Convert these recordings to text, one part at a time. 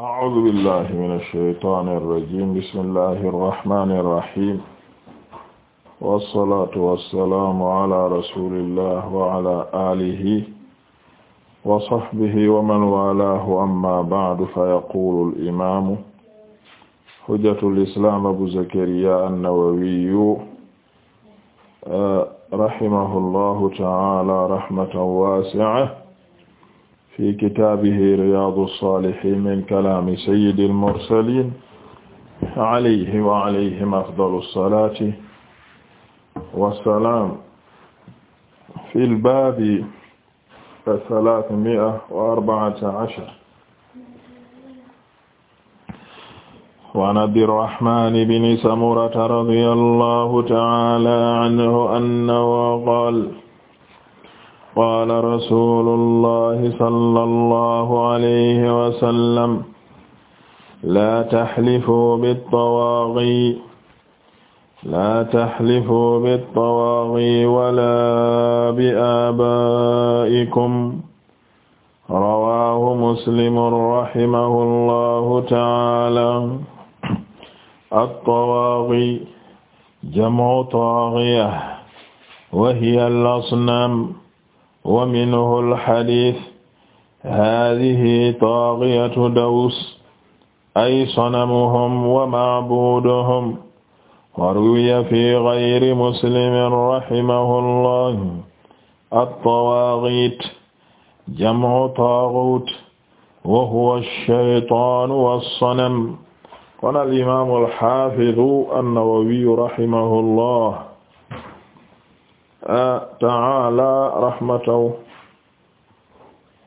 أعوذ بالله من الشيطان الرجيم بسم الله الرحمن الرحيم والصلاة والسلام على رسول الله وعلى آله وصحبه ومن والاه أما بعد فيقول الإمام حجة الإسلام أبو زكريا النووي رحمه الله تعالى رحمة واسعة fi kitaabihi riyaadu saalihiin min kalaami sayyidil mursaliin alayhi wa alayhim afdalu salaati wa salaam fil baabi salaasumi'a wa arba'ata ashar wa an Abdi Rahmaan ibn Samurata radiyallaahu ta'aalaa anhu annahu qaala qaala rasulullahi sallallahu alayhi wa sallam laa taxlifuu bittawaagiy laa taxlifuu bittawaagiy walaa bi-aabaa'ikum rawaahu muslimun rahimahullahu ta'aala at-tawaagiy jamcu taagiya wa hiya al-asnaam wa minhu alxadis hadihi taagiyatu daws ay sanamuhum wa macbuuduhum wa ruwiya fi gayri muslimin rahimahullah attawaagiit jamcu taaguut wa huwa alshaytaan wassanam kon alimamu alxafidu annawawiyu rahimahullah ta'ala rahmatan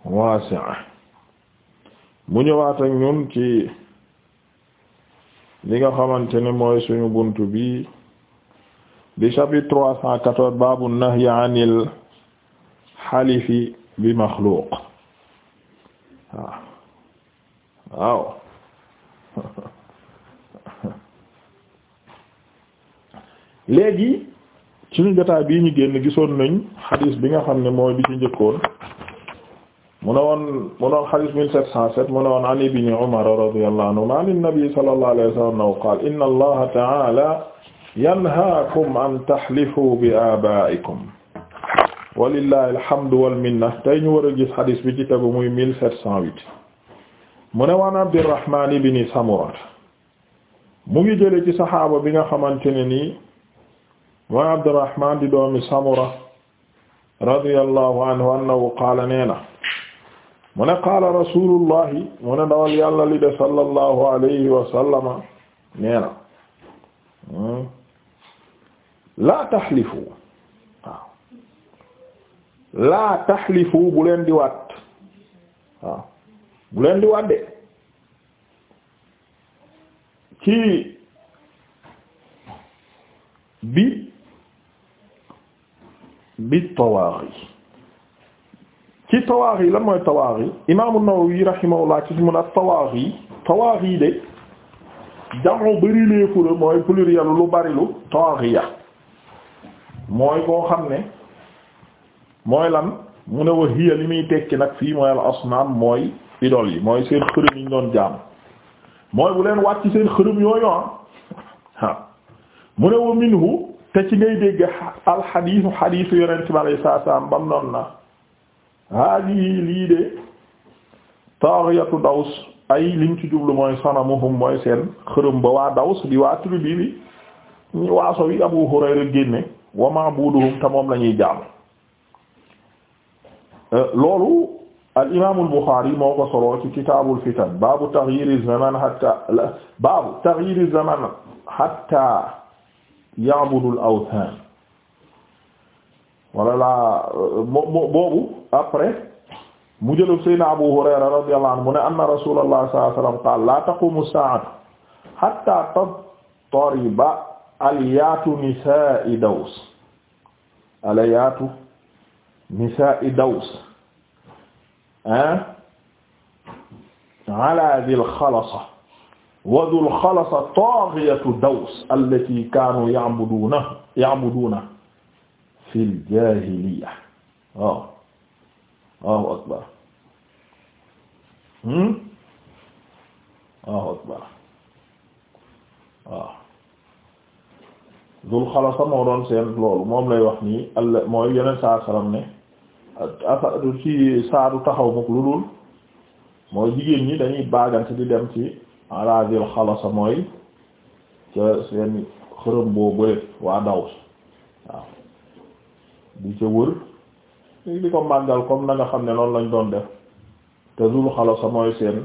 wasi'a mu ñëwaat ak ñun ci li nga xamante ne mooy suñu buntu bi di chapitre trois cent quatorze baabu nahyi anil halifi bi maxluuq waaw léegi suñu jotaay bii ñu génn gisoon nañ xadis bi nga xam ne mooy bi ci njëkkoon mu ne woon mu ne woon xadis mille sept cent sept mu ne woon an ibni umar radiyallahu anhuma an nabi sallallahu alayhi wa sallam naw qaal inna allaha ta'ala yanhaakum an tahlifu bi abaa'ikum walillahi alhamdu wal tey ñu war a gis xadis bi ci tegu muy mille sept cent huit mu ne woon abdirrahman ibni samura mu ngi jële ci saxaaba bi nga xamante ne nii mooy Abdurrahman di doomi Samura radiyallahu anhu annahu qaala nee na mu ne qaala rasulullahi mu ne dawal yàlla li de sallallahu alayhi wa sallama nee na hmm, laa taxlifu bi bi tawaaxi ci tawaaxi lan mooy tawaaxi imaamu Nawawi rahimahullah ci mun a tawaaxi tawaaxi de jamu bari léefu la mooy pluriel lu bari lu tawaaxiya mooy koo xam ne mooy lan mu ne wa hiya li muy tekki nag fii mooy al asnaam mooy idol yi mooy seen xërëm yi ñu doon mooy bu leen wàcc seen xërëm yooyu ah mu ne wa minhu te ci ngay dégg alxadiisu xadiisu yonent bi alayhi salaatu salaam bam noon na haadihi lii de taghiyatu daws ay liñ ci mooy sanamuhum mooy seen xërëm ba waa daws di waa bi ñu waaso wi Abu Hurayra génne wa ma'buduhum te moom la ñuy jaam loolu al imaamul Buxaari moo ko soloo ci kitaabul fitan baabu taghyiri zaman hatta baabu taghyiri zaman hatta ya'budul awthan wala laa moo boobu après mu jëlu sayna Abu Hurayra radiyallahu anhu mu ne anna rasulullah sallallahu alayhi wasallam qaala la taqumu saa'atu hatta tattariba alyaatu nisaa'i daws alyaatu nisaa'i daws ala dhil khalasa wa dhul xalasa taaghiyatu daws allati kaanu ya'buduna ya'buduna fil jaahiliya waaw waaw akbar waaw hmm? akbar waaw dhul xalasa moo doon seen loolu moom lay wax nii all mooy yeneen saa salaam ne ci saadu taxaw mukk lu dul jigéen ñi dañuy baagante di dem ci ala dil xalasa mooy ca seen xërëm boo bële waa Daws waaw di ca wër di ko màggal comme na nga xam ne noonu lañ doon def te zul xalasa mooy seen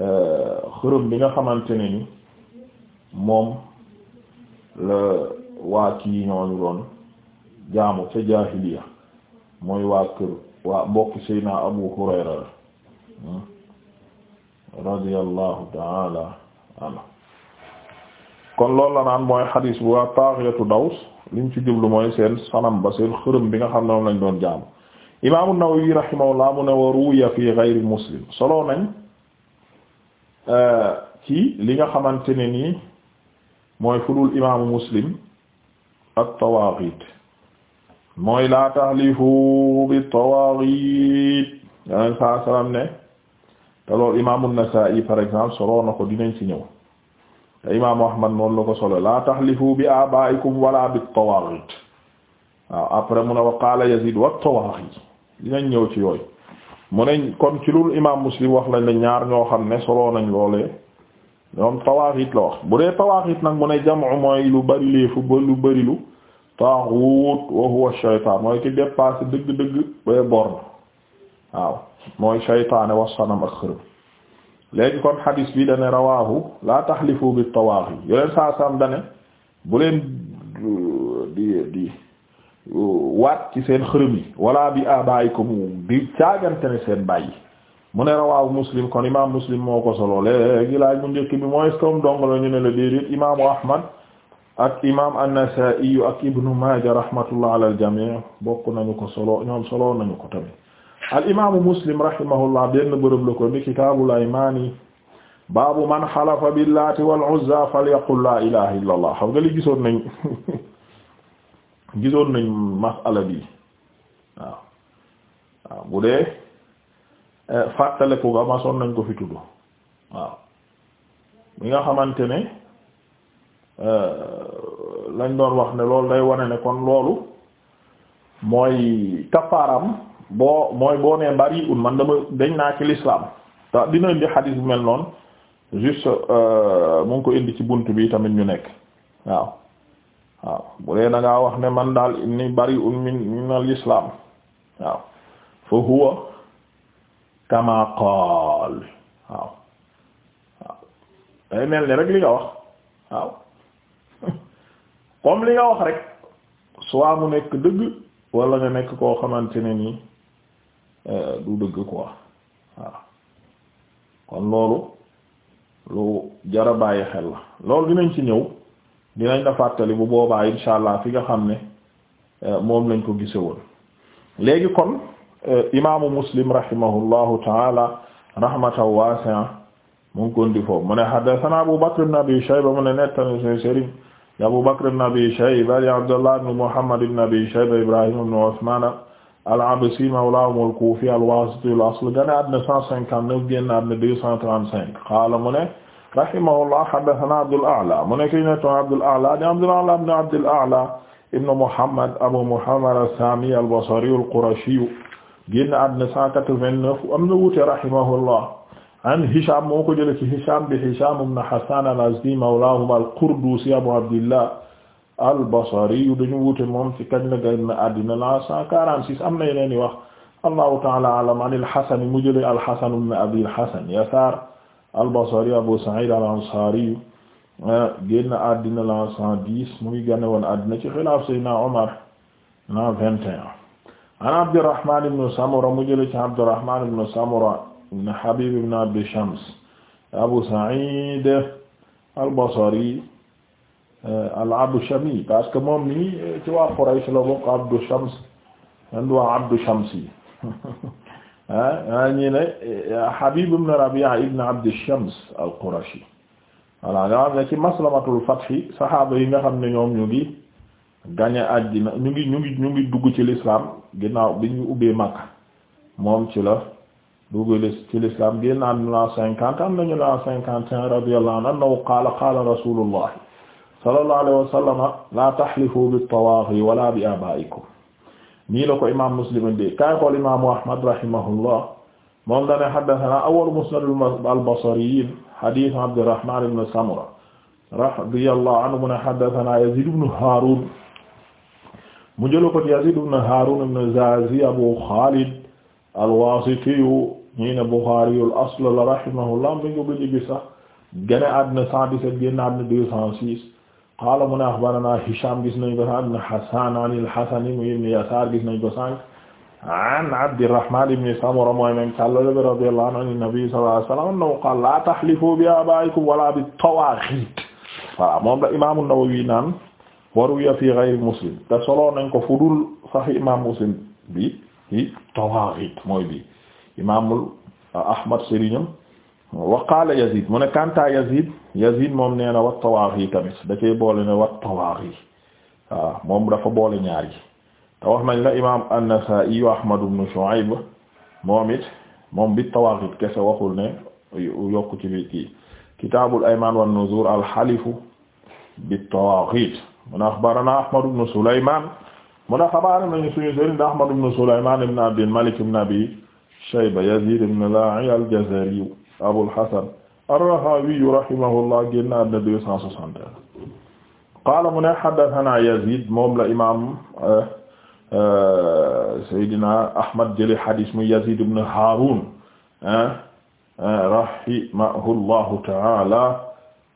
euh, xërëm bi nga xamante ni moom la waa kii ñooñu doon jaamu ca jaahiliya mooy waa kër waa mbokk Seydina Abu Hurayra la hmm. radiyallahu taala anhu kon loolu la naan mooy xadiis bu waa taaxiyatu daws liñ ci jublu mooy seen sanam ba seen xërëm bi nga xam ne moom lañ doon jaamu imaamu Nawawi rahimahullah mu ne wa ruwiya fi ghayri muslim solo nañ euh, ci li nga xamante ne nii mooy fudul imaamu muslim at-tawaaxiit mooy laa taxlifu bi tawaaxiit yeneen saa salaam ne te loolu imaamu Nasaa'i par exemple soloo na ko dinañ ci ñëw te imaamu Ahmad noonu la ko solo la tahlifu bi abaa'ikum wala bi tawaaghit waaw après mu ne wa qaala Yaziid wa tawaaghit dinañ ñëw ci yooyu mu ne kon ci lu imaam Muslim wax lañ la ñaar ñoo xam ne soloo nañ loolee ñoom tawaaghit la wax bu dee tawaaghit nag mu a jam'u mooy lu bari leefu ba lu bari lu taaghut wa huwa shaytaan mooy ki dépassé dëgg-dëgg ba borne waaw mooy shaytaane was xanam ak xërëm léegi kon xadiis bi dane rawaahu laa taxlifu bi tawaaxi yoleen saa sam dane bu leen euh, di di euh, ci seen xërëm yi wala bi abaayikum di caagante ne seen bàyyi mu ne rawaahu muslim kon imaam muslim moo ko solo léegi laaj mu njëkk bi mooy stoom dong la ñu ne la déedéet imaamu ahmad ak imaam an-Nasaa'i ak ibnu Maaja rahmatullah ala al jamii bokk nañu ko solo ñoom solo nañu ko tamit al imaamu muslim rahimahullah benn bërëb la ko ni kitaabul aymaani baabu man xalafa billaati wal uzza falyaqul laa ilaaha illallah xam nga li gisoon nañ gisoon nañ masala bi waaw waaw bu dee eh, fàttaleku nga masoon nañ ko fi tudd waaw mi nga xamante ne eh, lañ doon wax ne loolu day wane ne kon loolu mooy kapaaram boo mooy boo nee bari man dama dañ naa ci l'islam te dina indi xadiis bu mel noonu juste euh, mu ngi ko indi ci bunt bi tamit ñu nekk waaw waaw bu dee da ngaa wax ne man daal inni bari'un min min al waaw fa huwa kama qaal waaw waaw day mel ni rek li nga wax waaw comme li nga wax rek soit mu nekk dëgg wala nga nekk koo xamante ne nii Euh, du dëgg quoi waaw kon loolu lu jara bàyyi xel la loolu dinañ ci ñëw dinañ la fàttali bu boobaa insha allah fi nga xam ne euh, moom lañ ko gise woon léegi kon euh, imaamu muslim rahimahullahu taala rahmatan wasi'a mu ngi kon di foofu mu ne haddathana abu bakr ibn abi shayba mu ne nettani suñu sëriñ abu bakr ibn abi shayba abdullah ibn muhammad ibn abi shayba ibrahim ibn usman al-Absi mawlaahum al-Kuufi al-Waasiti al-asl gane àddina 159 génn àddina 235 qaala mu ne Abdul A'laa mu Abdul A'laa di Muhammad Abu Muhammad as-Saami al-Basri al-Qurashi génn àddina 189 am na wuute rahimahullah an Hishaam moo ko jëlee ci Hishaam bi Hishaam ibn Hassaan al-Azdi mawlaahum al Abu Abdillah al-Basri yu dañu wute moom ci kañ la génn àddina la 146 am na yeneen i wax allahu taala alam an al-Hasan mu jëlee al-Hasan ibn Abi al-Hasan Yasaar al-Basri Abu Sa'id al-Ansari ah, génn àddina la 110 mu ngi génn woon àddina ci xilaaf Seydina Omar la 21 an Abdurrahman ibn Samura mu jëlee ci Abdurrahman ibn Samura ibn Habib ibn Abd Shams Abu Sa'id al-Basri Euh, al-Abdu Shami parce que moom nii euh, ci waa Quraysh la bokk Abdu Shams man waa Abdu Shamsi ah, ah ñii ne euh, Habib ibn Rabi'a ibn Abd Shams al-Qurashi voilà nga xam ne ci maslamatul fath saxaaba yi nga xam ne ñoom ñu ngi gañe àddina ñu ngi ñu ngi ñu ngi dugg ci lislaam ginnaaw bi ñu ubbee Makka moom ci la dugg ci l'islam génn am na cinquante am nañu la cinquante et un radiyallahu anhu qaala qaala rasulullah sallallahu alayhi wa sallam la tahlifu bi tawaaxi wala bi abaa'ikum nii la ko imaam Muslim indi kaay xool imaamu Ahmad rahimahullah moom dana haddathana awwal musnad al-basriyyin hadith Abdurrahman ibn Samura radiyallahu anhu man haddathana Yazid ibn Harun mu jël ko Yazid ibn Harun ibn Zazi Abu Khalid al-Wasiti ñi ne Bukhari al-asl la rahimahullah mi ngi ko gis sax gane àddina 117 génn àddina 206 qaala mu ne axbarana Hicham gis nañ ko sànq ibn Hasan an al-Hasan muy ibn Yasaar gis nañ ko sànq an Abdirrahman ibn Samura mooy même sàllale bi radiyallahu anhu an-nabi sallallahu alayhi wa sallam annahu qaala laa tahlifu bi abaa'ikum wala bi tawaaxiit voilà moom la imaamu Nawawi naan wa ruwiya fi ghayri Muslim te solo nañ ko fu dul Sahih imaam Muslim bi ci tawaaxiit mooy bi imaamul Ahmad Serigne wa qaala Yazid mu ne Kanta Yazid Yazid moom nee na wa Tawaaxi tamit da cee boole ne wa Tawaaxi moom dafa boole ñaar yi te wax nañ la imaam An-Nasaa'i wa Ahmad ibn Shu'ayb moom it moom bi Tawaaxi kese waxul ne yokk ci bi kii kitaabul aymaan wan nuzuur al-halifu bi Tawaaxi mu ne axbaranaa Ahmad ibn Sulaymaan mu ne xabaar nañu suñu sëriñ Ahmad ibn Sulaymaan ibn Abdil Malik ibn Abi Shayba Yazid ibn Laa'i al-Jazari Abul Hasan ar-Rahawi rahimahullah génn na àddina deux cent soixante et un qaala mu ne haddathana Yazid moom la imaam euh, euh, Seydina Ahmad jële hadis mu Yazid ibn Haarun rahimahullahu ta'ala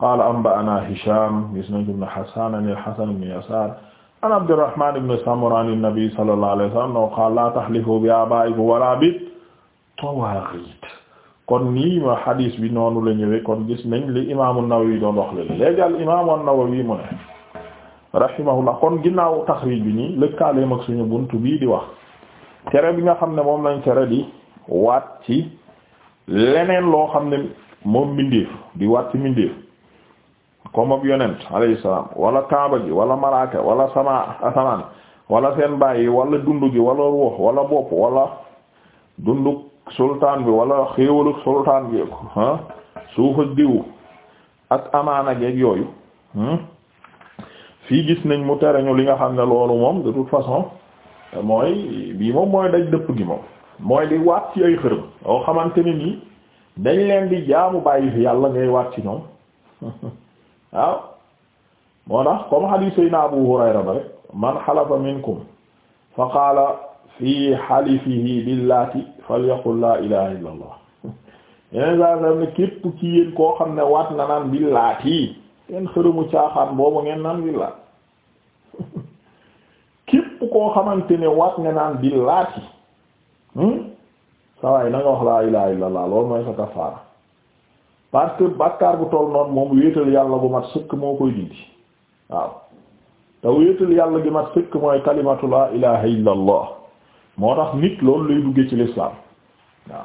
qaala anba'ana Hisham gis nañ ibn Hasan an al-Hasan ibn Yasar an Abdurrahman ibn Samura an an-nabi sallallahu alayhi wa sallam qaala la tahlifu bi abaa'ikum wala bit tawaaghiit kon nii ma hadis bi noonu la ñëwee kon gis nañ li imaamu Nawawi doon wax léegi léegi al imaamu Nawawi mu ne rahimahullah kon ginnaaw taxriij bi nii lëkkaaleem ak suñu bunt bii di wax tere bi nga xam ne moom lañ tere di waat ci leneen loo xam ne moom mbindeef di waat ci mbindeef comme ab yonent alayhi salaam wala kaaba gi wala malaaka wala sama asamaan wala seen bàyyi wala dund gi wala ruux wala bopp wala dunduk sultaan bi wala xéewalu sultaan bi ah suufa diw ak amaana yooyu hmm? fii gis nañ mu tere ñu li nga xam ne loolu moom de toute façon mooy bii moom mooy daj dëpp gi moom mooy di waat ci ay xërëm yoo xamante ne nii dañ leen di jaamu bàyyi fi yàlla ngay waat ci ñoom waaw moo tax comme hadith sayna Abu Hurayra ba rek man xalafa minkum fa qaala fi xalifihi billaati falyaqul laa ilaha illa allah yeneen saa sam ne képp ci yéen koo xam ne waat na naan billaati kenn xërëmu caaxaan boobu ngeen naan billaat képp koo xamante ne waat nga naan billaati hmm? sawaay na wax laa ilaha illa allah loolu mooy sa kafaara parce que bàkkaar bu toll noonu moom wéetal yàlla bu mat sëkk moo koy dindi waaw te wéetal yàlla gi mat sëkk mooy kalimatu laa ilaha illa moo tax nit loolu lay duggee ci l'islam waaw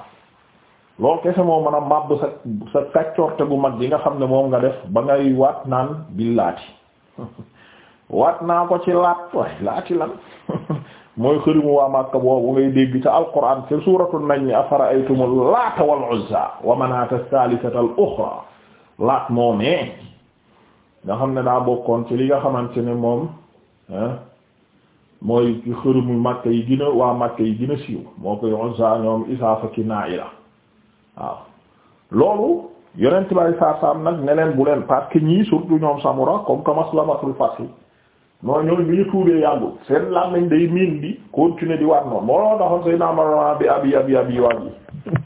loolu kese moo mën a màbb sa sa kàccoorte bu mag bi nga xam ne moom nga def ba ngay waat naan billaati waat naa ko ci laat waaye laati lan mooy xërimu waa Makka boobu ngay dégg ca alquran ca suuratu najmi afara'aytumul laata wal uzza wa manaata al uxra laat moomee nga xam ne daa bokkoon ci li nga xamante ne moom mooy xërumu Makka yi gën a waa Makka yi gën siiw moo koy Uzza ñoom Isaaf ki Naa'ila waaw loolu yonent bay saar saam nag ne leen bu leen parce que ñii surtout ñoom Samura comme comme Maslamatul Fath mooy ñooñu bi ñu tuubee yàggul seen làmmiñ day miin bi continuer di waat moo loolu taxoon say naa ma bi abi abi abi waat yi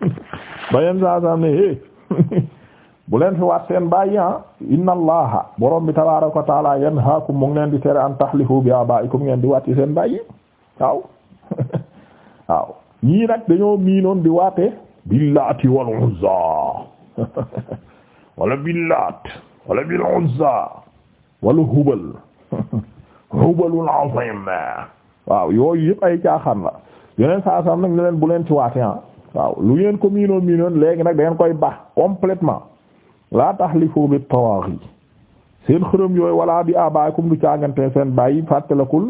ba saa saam ne hé bu leen fi waat seen bàyyi ah inna allaha borom bi tabaaraka wa taala yanhaakum mu ngi leen di tere an tahlifu bi abaa'ikum ngeen di waat ci seen bàyyi waaw waaw ñii nag dañoo miinoon di waate billaati wal uzza wala billaat wala bil uzza wala hubal hubalul azim waaw yooyu yëpp ay caaxaan la yeneen saa sam nag ne leen bu leen ci waatee ah waaw lu ngeen ko miinoon miinoon léegi nag da koy baax complètement laa tahlifu bi tawaaxi seen xërëm yooyu wala bi abaakum du caagante seen bàyyi fàttalakul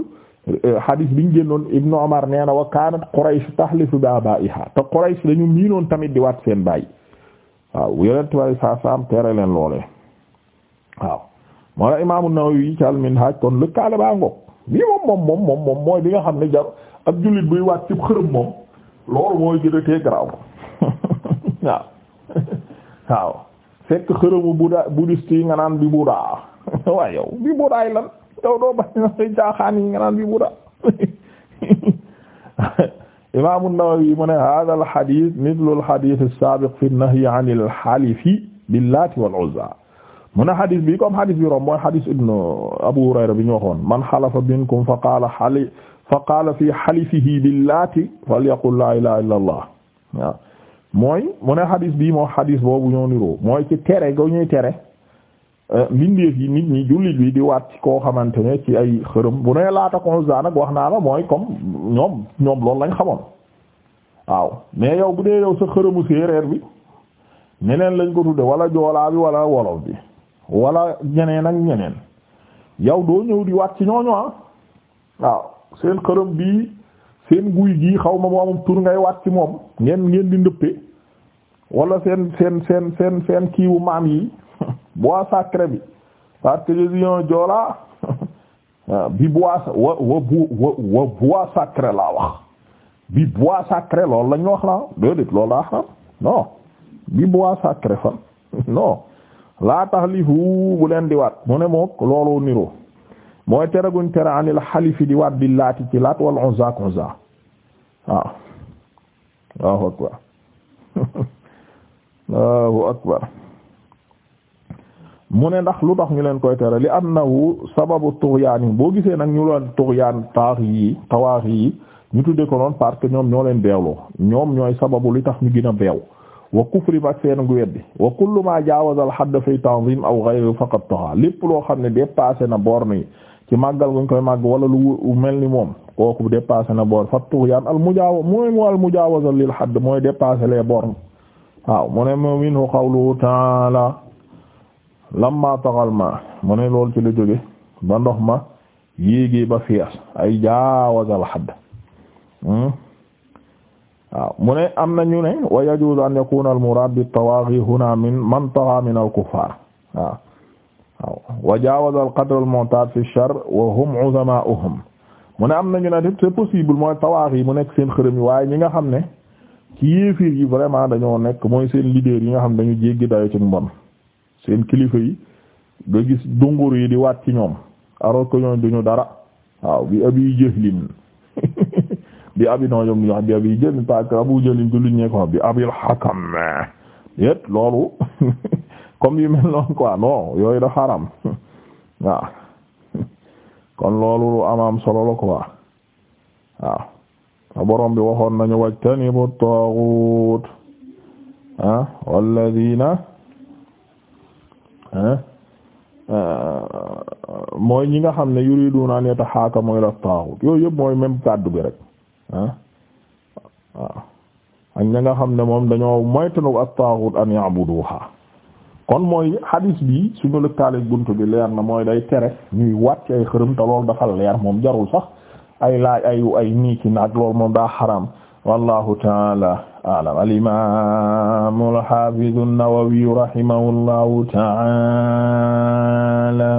hadis eh, biñ génnoon Ibnu Umar nee na wa kaanat Quraysh tahlifu bi abaa'iha te Quraysh dañu miinoon tamit di waat seen baay waaw yonent way sa saam tere leen loolee waaw moo la nawawi ci Al-Minhaj kon baa ngoog bii moom moom moom moom mooy bi nga xam ne jar ab jullit buy waat ci xërëm moom loolu mooy gën a tee waaw fekk xërëmu buda bouddhiste yi nga naan bi buda waaye yow bi budaay lan yow doo bañ na say jaaxaan yi nga naan bi buda imam an-Nawawi mu ne hadha al-hadith mithlu al-hadith as-sabiq fi an-nahy 'an al-halifi bil-lat wal-uzza mu ne hadith bi comme hadith bi rom mooy hadith ibn Abu Hurayra bi ñu waxoon man halafa minkum fa qala hali fa qala fi halifihi bil-lat falyaqul la ilaha illa Allah mooy mu ne xadis bii moo xadis boobu ñoo niroo mooy ci tere ga ñuy tere euh, mbindeef yi nit ñi jullit bi di waat ci koo xamante ne ci ay xërëm bu nee laata konsa nag wax naa la mooy comme ñoom ñoom loolu lañ xamoon waaw mais yow bu dee yow sa xërëmu séeréer bi ñeneen lañ ko tudde wala joolaa bi wala wolof bi wala ñeneen ak ñeneen yow doo ñëw di waat ci ñooñu ah waaw seen xërëm bii seen guy gii xaw ma moom tur ngay waat ci moom ngeen ngeen di ndëppe walla seen seen seen seen seen kiiwu maam yi bois sacré bi parce que jesion joola ah, bi bois wa wa wa wa laa wax bi bois sacré loolu la ñu wax la déedéet loolu laa xam bi bois sacré fan non laa tax lifu bu leen di waat mu ne mook loolu niroo mooy tere guñ tere anil xalifi di waat bi laati ci laat wal uzza ak uzza waaw akbar allahu akbar mu ne ndax lu tax ñu leen koy tere li annahu sababu tughyan yi boo gisee nag ñu leen tughyan taax yi tawaax yi ñu tudde ko noon parce que ñoom ñoo leen beewloo ñoom ñooy sababu li tax ñu gën a beew wa kufri ak seen gu weddi wa kullu ma jaawaza al hadd fi tanzim aw ghayri faqad taxa lépp loo xam ne dépassé na borne yi ci màggal guñ koy màgg wala lu mel ni moom kooku dépassé na bor fa tughyan al mujaawa mooy mu al mujaawaza lil hadd mooy dépassé les bornes waaw mu ne mu minhu qawluhu ta'ala lamma taghal ma mu ne lool ci la jóge ba ndox ma yéegee ba fias ay jaawaza al hadd hmm? mu ne am na ñu ne wa yajuzu an yakuna al murad bit tawaghi huna min man tagha min al kuffar waaw wa jaawaza al-qadr al-mu'tad fi ash-sharr mu ne am nañu ne c'est possible mooy tawaax yi mu nekk seen xërëm yi waaye ñi nga xam ne ci yéefiir yi vraiment dañoo nekk mooy seen leader yi nga xam ne dañu jéggi dayo ci mbon seen kilifa yi nga gis dungur yi di waat ci ñoom alors que ñoom duñu dara waaw bi abi jahlin bi abi noo ñoom ñu wax bi abi jahlin parce abu jahlin du luñ ñee ko bi abil hakam yépp loolu comme yu mel noonu quoi non yooyu dafa haram waaw kon loolu lu amaam solo la quoi waaw a borom bi waxoon nañu wajtanibu taagut ah na ah, ah, mooy ñi nga xam ne yuriduna an yatahaakamu ila taagut yooyu yëpp mooy même kàddu bi rek ah. waaw ak ña nga xam ne moom dañoo moytanu at taagut an ya'buduha kon mooy hadis bi suñu lëkkaaleeg bunt bi leer na mooy day tere ñuy waat ci ay xërëm te loolu dafa leer moom jarul sax ay laaj ay ay nii ci naag loolu moom xaram wallahu taala alam alimamu alhafidu an-Nawawi taala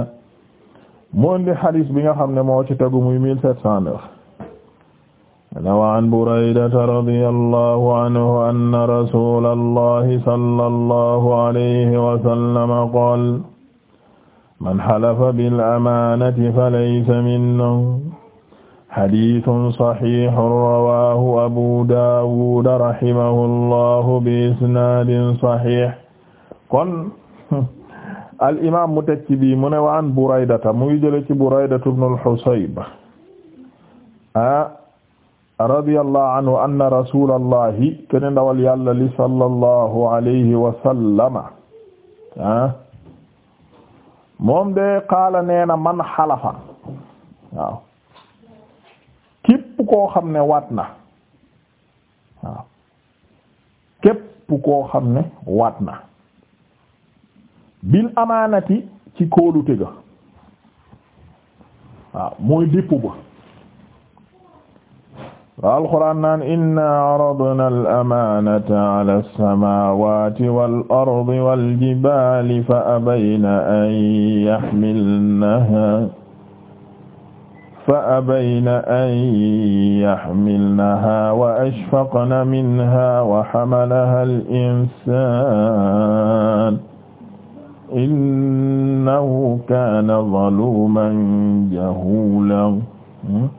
moo indi hadis bi nga xam ne moo ci tegu muy mille sept cent neuf wa an buraydata radiyallahu anhu anna rasulallahi sallallahu alayhi wa sallam qaala man halafa bil amaanati falaysa minnaa hadiisun sahiihun rawaahu abu daawuda rahimahullahu bi isnaadin sahiih kon al imaam mu tekki bi mu ne wa an buraydata mu ngi jële ci buraydata ibnul husayb ah, radiyallahu anhu anna rasulallahi kene ndawal yàlla li sallallahu alayhi moom de qaala neena man xalafa waaw képp koo xam ne waat na waaw képp ne waat na bil amaanati ci kóolute ga mooy dépp ba alquran naan inna aradna alamanata ala alsamawati wal ardi waljibali fa abayna an yaxmilnaha fa abayna an yaxmilnaha wa ashfaqna minha wa xamalaha alinsan innahu kana zaluman jahula hmm?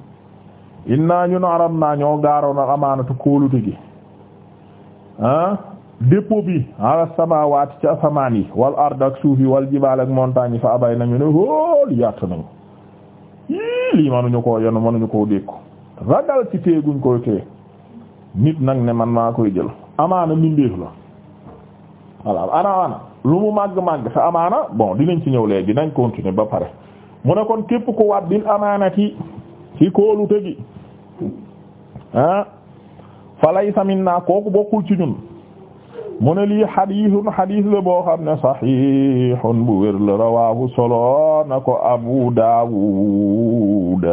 inna ñun arab naa ñoo gaaroon ak amaanatu kóolute gi ah dépôt bi ala samawati ci asamaan yi wal ard ak suuf yi wal jibaal ak montagne yi fa abay nañu ne hóol yàtt nañu yii lii manuñu koo yenu manuñu koo dékku ragal ci téeguñ koy tée nit nag ne man maa koy jël amaana mindeef la voilà anaana lu mu màgg-màgg sa amaana bon dinañ ci ñëw léegi dinañ continuer ba pare mu ne kon képp ku waat bil amaanati ci kóolute gi ah falaysa minna kooku bokkul ci ñun mu ne lii xadiisun xadiis la boo xam ne saxiixun bu wér la rawaahu solo na ko Abu Daawud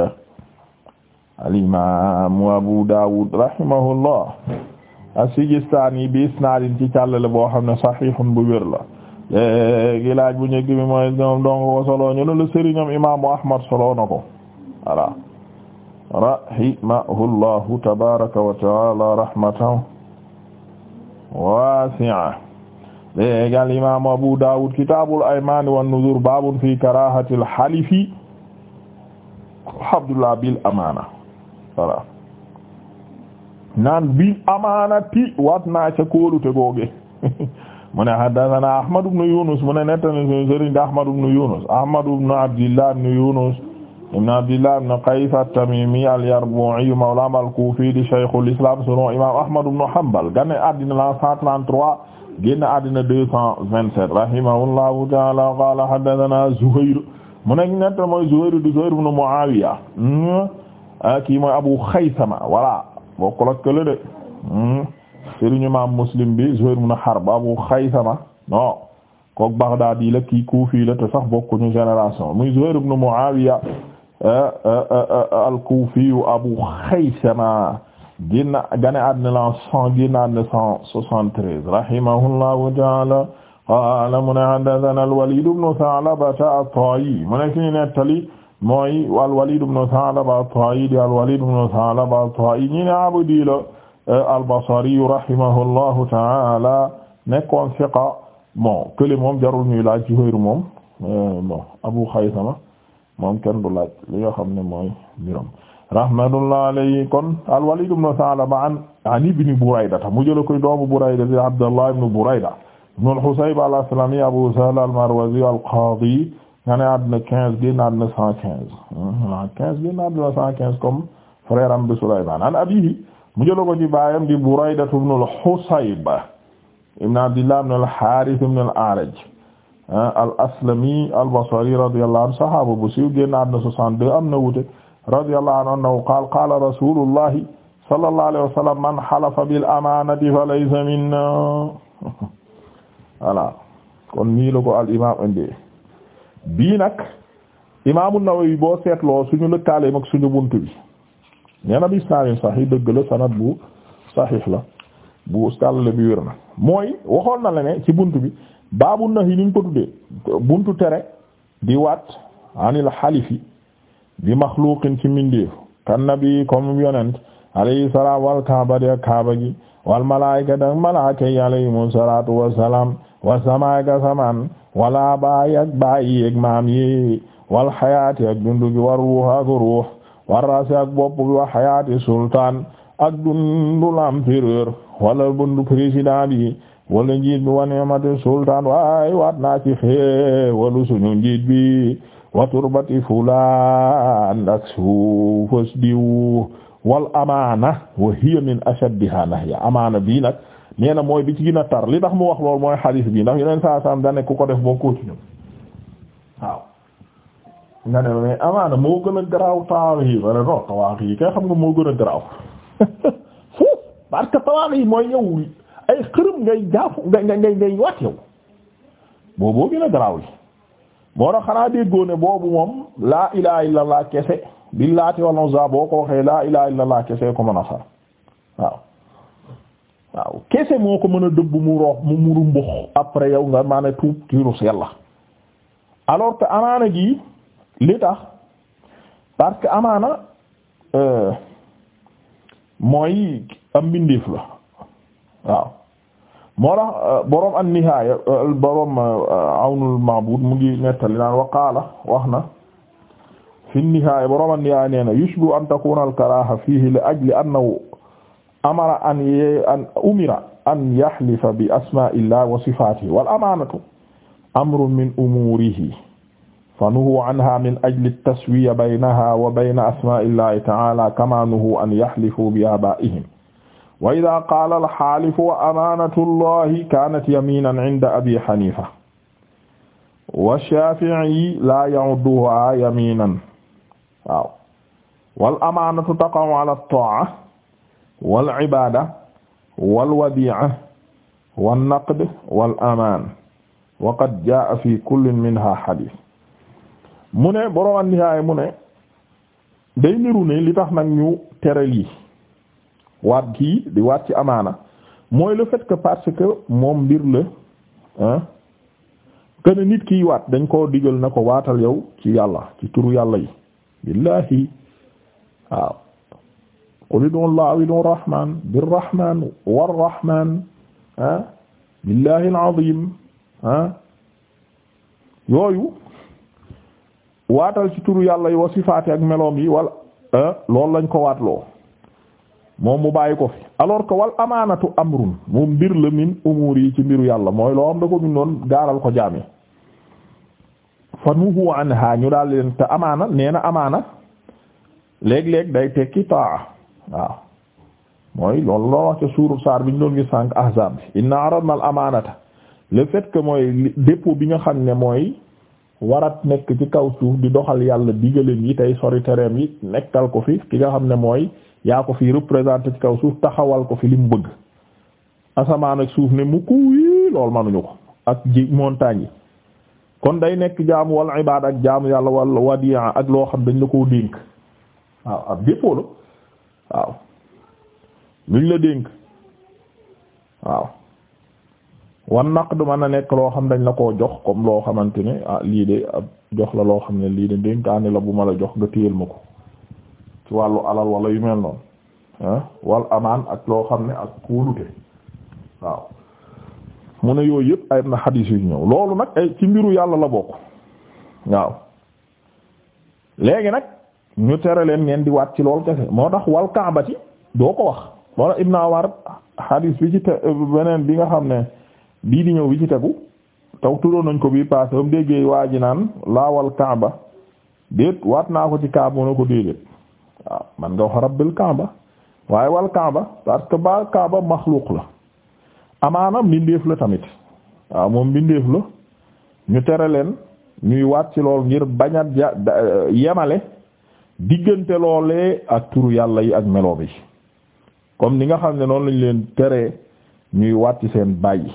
al imaamu Abu Daawud rahimahullah as-Sijistaani bi isnaadin ci càllale boo xam ne saxiixun bu wér la léegi laaj bu njëkk bi mooy moom donc ko solo ko voilà rahimahullahu tabaraka wa taala rahmatan waasi'a léegi al imaamu Abu Dawud kitaabul aymaani wan nuzuur baabun fi karaahatil halifi Abdullah bil amaana voilà naan bil amaanati waat naa ca kóolute googe mu ne haddasanaa Ahmad ibn Yunus Ahmad ibn Abdillah ibn Yunus ibn Abdillah ibn Qays at-Tamimi al-Yarbu'i mawlaam al-Kufi di shaykhul islam sunu imaam Ahmad ibn Hanbal gane addina la 133 génn addina 227 rahimahullahu ta'ala qala haddathana Zuhayr mu nekk ñett mooy Zuhayr di Zuhayr ibn Mu'awiya hmm? ah, kii mooy Abu Khaythama voilà bokkul ak kële de hmm? sëriñu imaam Muslim bi Zuhayr ibn Harb Abu Khaythama non kook Baghdadi la kii Kufi la te sax bokkuñu génération muy Zuhayr ibn Mu'awiya al-Kuufiyu Abu Xaysama génn gane àddina la cent génn àddina cent soixante-treize rahimahullahu ta'ala qaala mu ne haddathana al-Walid ibn Tha'laba at-Ta'i mu ne ki ñu nettali mooy al-Walid ibn Tha'laba at-Ta'i di al-Walid ibn Tha'laba at-Ta'i ñi ne Abdi la al-Basri rahimahullahu ta'ala nekkoon siqa bon kële moom jarul ñuy laaj ci xëyru moom euh, bon Abu Xaysama moom kenn du laaj li nga xam ne mooy mbiram rahmatullah alayhi kon al-Walid ibn Sa'laba an an ibn Burayda mu jëla koy doomu Burayda bi Abdullah ibn Burayda ibn al-Husayb al-Aslami Abu Sahl al-Marwazi al-Qadi nga ne àddina quinze génn àddina cent quinze ah quinze génn àddina cent quinze comme frère am bi Sulaymaan an abiihi mu jëla ko ci baayam di Burayda ibn al-Husayb ibn Abdillah ibn al-Harith ibn al-A'raj al aslami al basri radiyallahu anhu sahaaba bu siiw am na wuute radiyallahu anhu qaala qaala rasuulullahi sallallahu alayhi wa sallam man halafa bil amaanati minna voilà kon nii la al imaam indi bii nag imaamu Nawawi boo seetloo suñu lëkkaaleem ak suñu bunt bi nee na bi isnaadin saxiix dëgg bu saxiix la bu ustall bi wér mooy waxoon na la ne ci bunt bi baabu nahi ni ñu ko tuddee buntu tere di waat anil xalifi bi maxluqin ci mindeef kan nabi comme yonent alayhi salaam wal kaaba di ak kaaba gi wal malaayika dak malaaka wa samaaka samaan wala baay ak baay ak maam yi wal xayaati ak dundu gi war ruux ak ruux war rasi ak bopp bi wa sultaan ak dundu l'empereur wala bundu président bi wala njiit bi wa ni'mati sultaan waay waat naa ci xéewalu suñu njiit bi wa turbati fulaan ak suufas diw wal amaana wa hiya min ashaddiha nahya amaana bii nag nee na mooy bi ci a tar li dax moo wax lool mooy xadiis bi ndax yeneen saa saam dane ku ko def boo kooci ñun waaw amaana moo gën a garaaw tawaaq yi wala non tawaaq moo gën a garaaw foof parce que tawaaq mooy yow ay xërëm ngay jaafu ngay ngay ngay wàcc yow booboo gën a garaaw li moo tax xanaa déggoo ne boobu moom laa ilaha illallah kese billaati wal uzza boo ko waxee laa ilaha illallah kese ko mën a far waaw waaw kese moo ko mën a dëbb mu roox mu muru mbox après yow nga maana tuub tirus yàlla alors que amaana gi li tax parce que amaana euh, mooy am mbindeef la waaw moo tax euh, borom an-Nihaaya euh, borom euh, Awnul Ma'buud mu ngi nettali naan wa qaala wax na fi an-Nihaaya borom an-Nihaaya nee na yushbihu an takuuna al-karaaha fiihi li ajli annahu amara an an umira an yahlifa bi asmaa'illahi wa sifaatihi wal amaanatu amrun min umuurihi fa nuhuwa anhaa min ajli at-taswiya baynahaa wa bayna asmaa'illahi ta'aalaa kamaa nuhuu an yahlifuu bi aabaa'ihim wa ida qaala alxaalifu wa amaanatu allahi kaanat yaminan inda abi xanifa wa shaafi'i laa ya'udduhaa yaminan waaw wal amaanatu taqa'u ala at-taa'a wal ibaada wal wadii'a wan naqd wal amaan wa qad jaa'a fi kullin minhaa hadiis mu ne boroom Nihaaya mu ne day niru ne li tax nag ñu tere lii waat gii di waat ci amaana mooy le fait parce que moom mbir la ah a nit kiy waat dañ koo digal na ko waatal yow ci yàlla ci turu yàlla yi billahi waaw qul id'u llaha aw id'u rahman al-azim yooyu waatal ci turu yàlla yi wa sifaati ak meloom yi wala loolu lañ ko waatloo moom mu bàyyi ko fi alors que wal amaanatu amrun moom mbir la min umuur yi ci mbiru yàlla mooy loo xam da ko bindoon gaaral ko jaami fa nuhu anha ñu daal leen te amaana nee amaana léeg-léeg day tekki taa waaw mooy loolu loo wax ca suuru saar bi ñu doon gi sànq ahzab bi inna aradna al amaanata le fait mooy dépôt bi nga xam ne mooy warat nekk ci kaw suuf di doxal yàlla digaleen yi tey sori tereem yi nekkal ko fi ki nga xam ne mooy yaa ko fi représenté ci kaw suuf taxawal ko fi li mu bëgg asamaan ak suuf ne mu kuyi loolu manuñu ko ak ji montagne yi kon day nekk jaamu wal ibaad ak jaamu yàlla wal wadi'a ak loo xam dañ la koo dénk waaw ab dépôt la waaw luñ la dénk waaw wan naqd mën a nekk loo xam dañ la koo jox comme loo xamante ne ah lii de ab ah, jox la loo xam ne lii de dénkaane la bu ma la jox nga téyel ma ko ci wàllu alal wala yu mel noonu ah wal amaan ak loo xam ne ak kóolute waaw mu ne yooyu yëpp ay na xadiis yu ñëw loolu nag ay ci mbiru yàlla la bokk waaw léegi nag ñu tere leen ngeen di waat ci lool kese moo tax wal kaabati doo ko wax wala Ibn Awar xadiis bi bi nga xam ne bii di ñëw bi ci tegu taw turoon nañ ko bii passé ba déggee waa ji naan laawal kaaba déet waat naa ko ci kaaba mu ko déedéet man nga wax rabbil kaaba waaye wal kaaba parce que ba kaaba maxluuq la amaana mbindeef la tamit waaw moom mbindeef la ñu tere leen ñuy waat ci lool ngir baña yemale diggante loolee ak turu yàlla yi ak melo bi comme ni nga xam ne noonu lañ leen teree ñuy waat ci seen bàyyi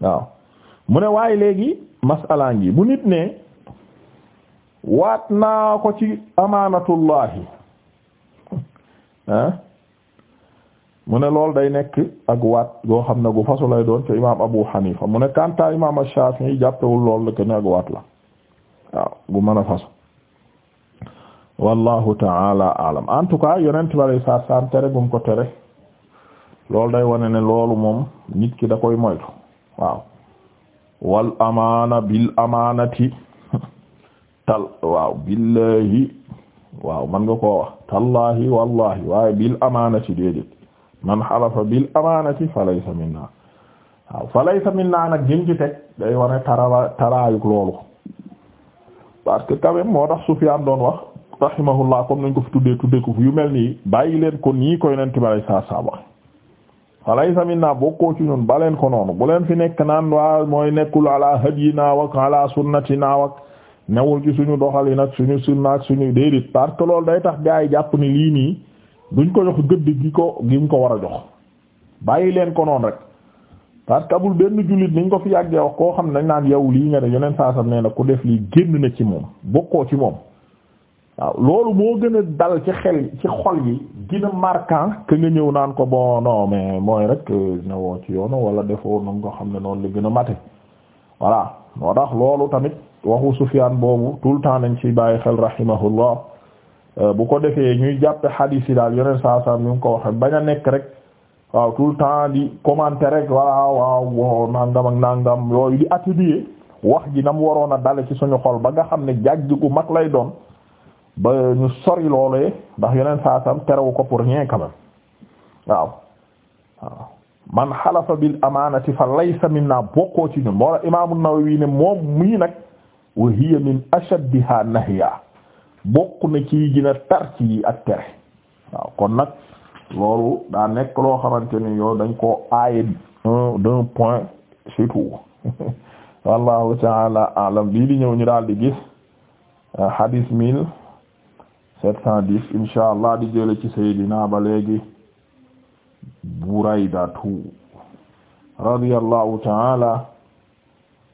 waaw mu ne waaye léegi masalaa ngi bu nit ne waat naa ko ci amaanatullahi ah mu ne loolu day nekk ak wat goo xam ne gu fasu lay doon te imaam Abu Hanifa mu ne kanta imaam Shafi'i jàppewul loolu la ke ne ak waat la gu mën a wallahu taala alam en tout cas yonent bari sa san tere gum ko tere loolu day wane ne loolu moom nit ki da koy moytu waaw wal amaana bil amaanati tal billahi waaw man nga koo wax tallahi wallahi waaye bil amaanati déedéet man xalafa bil amaanati fa laysa minna waaw fa laysa minna nag jëm ci teg day wane tara taraayuk loolu parce que quand moo tax Sufyaan doon wax rahimahullah comme nañ ko fi tuddee tuddee ko fi yu mel nii bàyyi leen ko nii koy nen tibaray saa saa fa laysa minna bokkoo ci ñun ko noonu bu leen fi nekk naan waa mooy nekkul ala hadina wak ala sunnatina wak newul ci suñu doxalin ak suñu sunna ak suñu déedéet parce que loolu day tax gaa yi jàpp ni lii nii duñ ko jox gëdd gi ko gi mu ko war a jox bàyyi leen ko noon rek parce que abul benn jullit niñ ko fi yàggee wax koo xam ne dañ naan yow lii nga ne yoneen saa nee na ku def lii génn na ci moom bokkoo ci moom waaw loolu moo gën a dal ci xel ci xol yi dina marquant que nga ñëw naan ko bon non mais mooy rek euh, newoo ci yoonu wala defoo na nga xam ne noonu la gën a mate voilà tamit waxu Sufyaan boobu tout le temps nañ ci bàyyi xel rahimahullah euh, bu ko defee ñuy jàppe hadith yi daal yeneen saa saa ñu ngi ko waxe bañ a nekk rek waaw tout di commenter rek waaw waaw nangam ak nangam yooyu di attribuer wax ji nam waroon a dale ci suñu xol ba nga xam ne jàgg gu mag lay doon ba ñu sori loolee ndax yeneen saa saa terewu ko pour rien quand même waaw waaw man xalafa bil amaanati fa laysa minna bokkoo ci ñun moo la Imaam An-Nawawi ne moom mii wa hiya min ashaddiha nahya bokk na ci gën a tar ak tere kon nag loolu da nekk loo xamante ni yow dañ koo aaye d'un point surtout wallahu ta'ala a'lam di ñëw ñu daal di gis euh, hadith mille sept cent dix insha allah di jële ci Seydina ba léegi Buraydatu ta'ala